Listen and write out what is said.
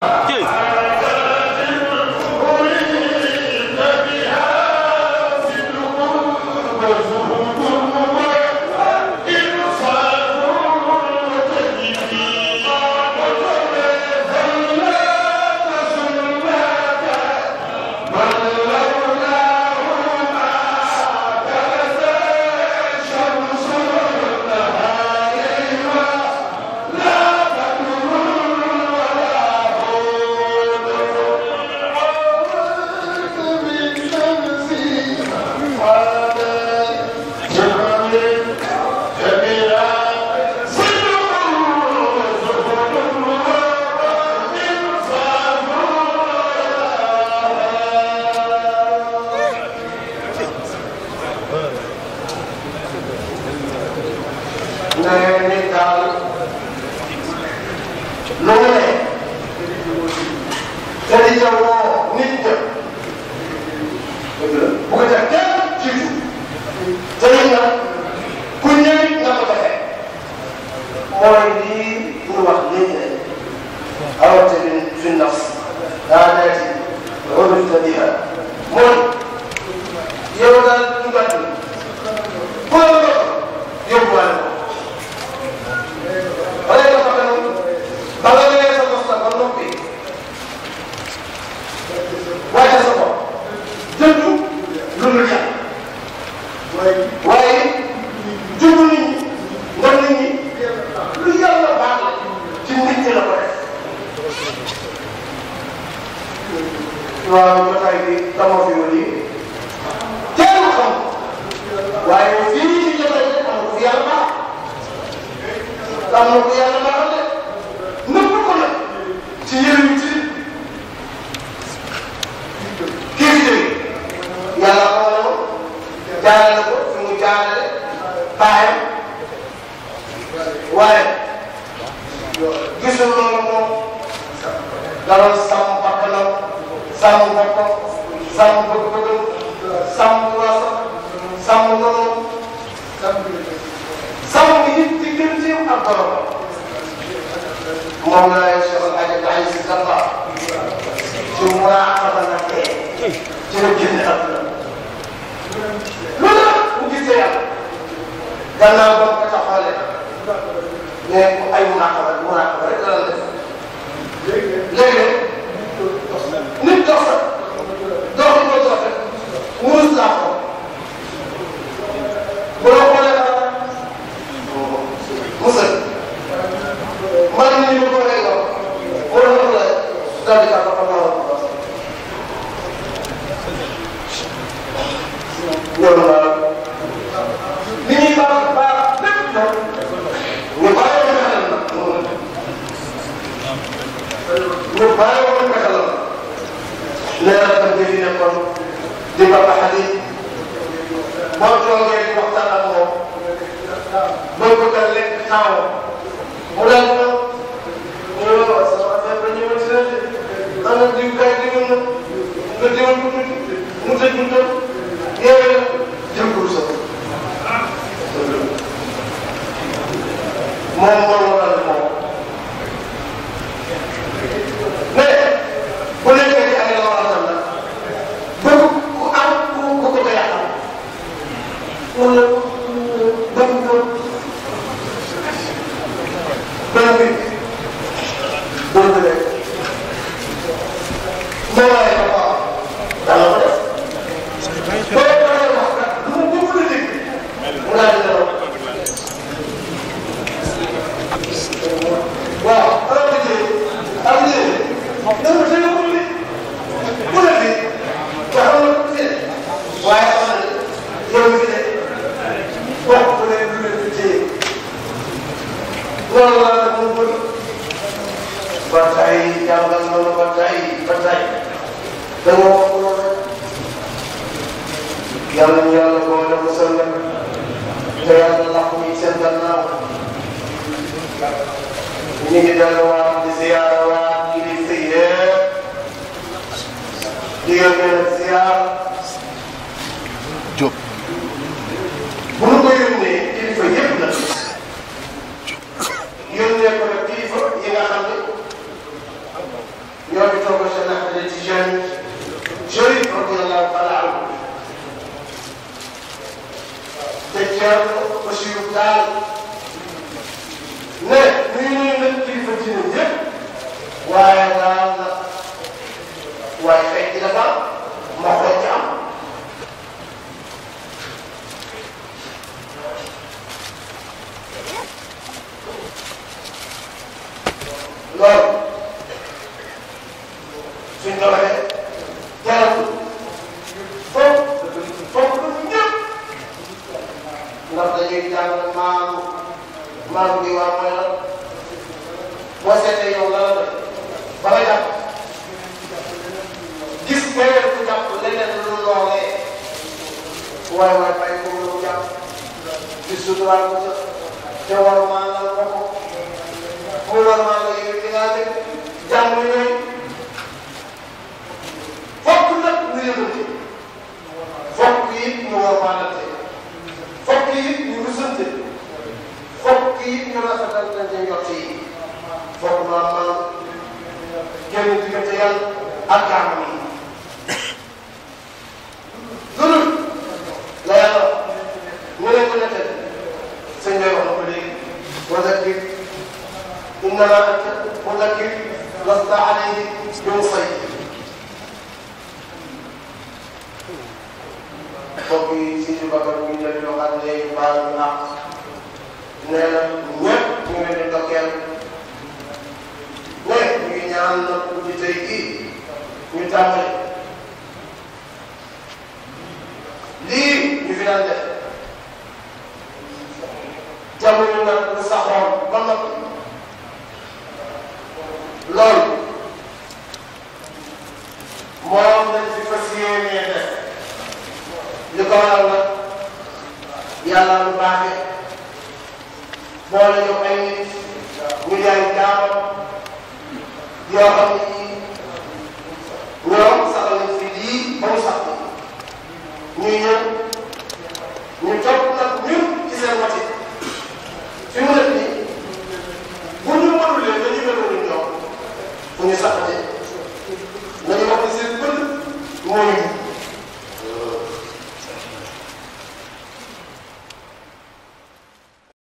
对。loolu ne Khadija woo nit ña bu ko def kenn jiitu te it nag ku ñëwee nga ko defee mooy lii ñu wax léegi ne awate bi fi nafs daa nekk loolu la di xel mooy yow daal ñu gàtt bu la yóbbuwaale ko ci la ko def. waaw jotaay bi dama fi woon nii teel xam waaye fii ci jotaay bi am na ku yàlla baax am na ku yàlla baax de nëpp ko nag ci yërëm ci kii bi jëlee yàlla xamal ko jaarale ko fi mu jaarale baayam waaye. gisul loolu moom dara sàmm bakkanam sàmm boppam sàmm bëgg-bëggam sàmm waasam sàmm noonu sàmm gi ci digganteem ak borom moom la lay soxal aja daxay si samba ci muraaxaba na ci la génn lu la bu gisee yàlla gannaaw ba ko taxalee ne ay munaqaba munaqaba rek la def léeg-léeg nit dox sax dox li ko dox rek boo toogee di waxtaan ak moom boo bëgg a lekk xaawam mu daal di ñëw mu ne la waaw sama affaire ba ñëwati na de kalau percaya. percaya. Dengan jalan-jalan kepada Muslim, jangan lakukan dan nafsu. Ini kita lewat di ziarah, di ziarah, Dia ziarah. maire Bachirou ne muy nuyu nag kilifa diine yëpp waaye daal nag waaye fekk dafa ma xool ci am loolu suñ la márùn ní wa pẹ́lá wọ́n ṣẹ̀ṣẹ̀ yọ ọ̀la rẹ̀ balaja disikẹ́rẹ́ kuta lẹ́lẹ́ lọ́lọ́ rẹ̀ wọ́n wá ìgbà yìí kó lọ́wọ́ já bisudura kuta jẹ́wọ́rọ̀ máa ń lọ́kọ́ kó wọ́n máa ń lọ yẹ kí n á lé jáwé lẹ́yìn. சமீபத்தில் அக்காமணி dulul la yàlla ñu ne ko nettali sëñ bi wax na ko léegi wa zakkir innama anta wa zakkir lasta alayhi bi musaytir mbokk yi si si bakar bu ñu leen waxaat léegi baal naa nee na ñëpp ñu ngi leen di dokkeel ñaan na guddi tey gii n i tàmbali lii ñu fi n a a n def yoo xam ne nii ñoom saxal nañ fi lii ba mu sax ñuy ñëw ñu topp nag ñun ci seen wati fi mu nekk nii bu ñu mënulee dañuy mel ni ñoom bu ñu saxalee nañu wax ne seen bëgg mooy